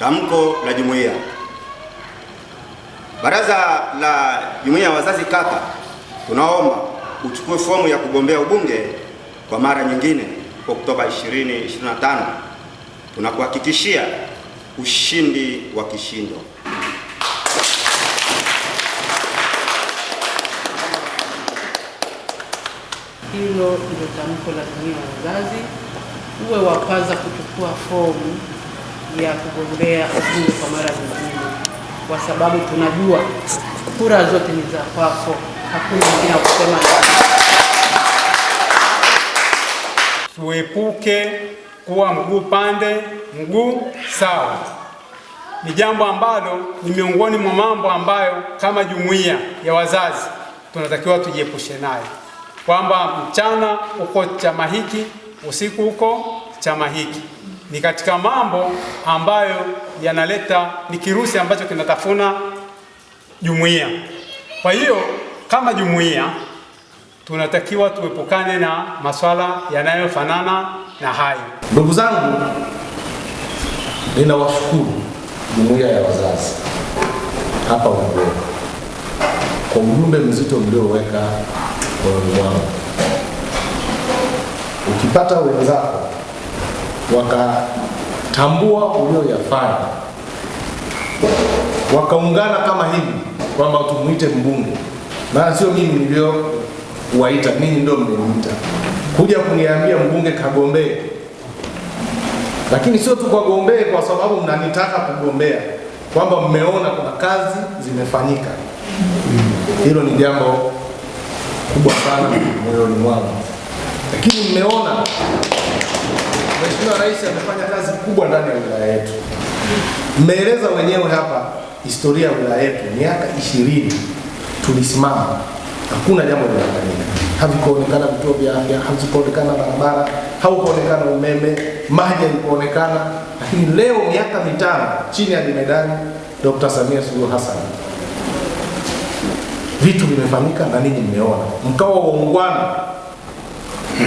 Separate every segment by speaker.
Speaker 1: Tamko la jumuiya. Baraza la jumuiya ya wazazi kata, tunaomba uchukue fomu ya kugombea ubunge kwa mara nyingine Oktoba 2025. Tunakuhakikishia ushindi wa kishindo.
Speaker 2: Hilo ndio tamko la jumuiya ya wazazi. Uwe wa kwanza kuchukua fomu ya kugombea ubunge kwa mara nyingine, kwa sababu tunajua kura zote ni za kwako, hakuna mwingine wa kusema.
Speaker 3: Tuepuke kuwa mguu pande mguu sawa. Ni jambo ambalo ni miongoni mwa mambo ambayo kama jumuiya ya wazazi tunatakiwa tujiepushe nayo, kwamba mchana uko chama hiki, usiku uko chama hiki ni katika mambo ambayo yanaleta, ni kirusi ambacho kinatafuna jumuiya. Kwa hiyo kama jumuiya tunatakiwa tuepukane na masuala yanayofanana na hayo.
Speaker 4: Ndugu zangu, ninawashukuru jumuiya ya wazazi hapa Umbea kwa ujumbe mzito mlioweka moyoni mwangu. Ukipata wenzako wakatambua ulioyafanya, wakaungana kama hivi kwamba tumuite mbunge, maana sio mimi waita ninyi ndio mlimuita kuja kuniambia mbunge kagombee. Lakini sio tu kagombee kwa sababu mnanitaka kugombea, kwamba mmeona kuna kazi zimefanyika. Hilo ni jambo kubwa sana moyoni mwangu, lakini mmeona Rais amefanya kazi kubwa ndani ya wilaya yetu. Mmeeleza wenyewe hapa historia ya wilaya yetu, miaka ishirini tulisimama, hakuna jambo linafanyika, havikuonekana vituo vya afya, havikuonekana barabara, haukuonekana umeme, maji yalikuonekana. Lakini leo miaka mitano chini ya jemedani Dr. Samia Suluhu Hassan vitu vimefanyika na ninyi mmeona, mkawa waungwana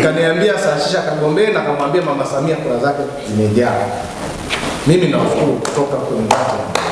Speaker 4: Kaniambia saashisha Kagombee na kamwambia Mama Samia kura zake zimejaa. Mimi nawashukuru kutoka kwenye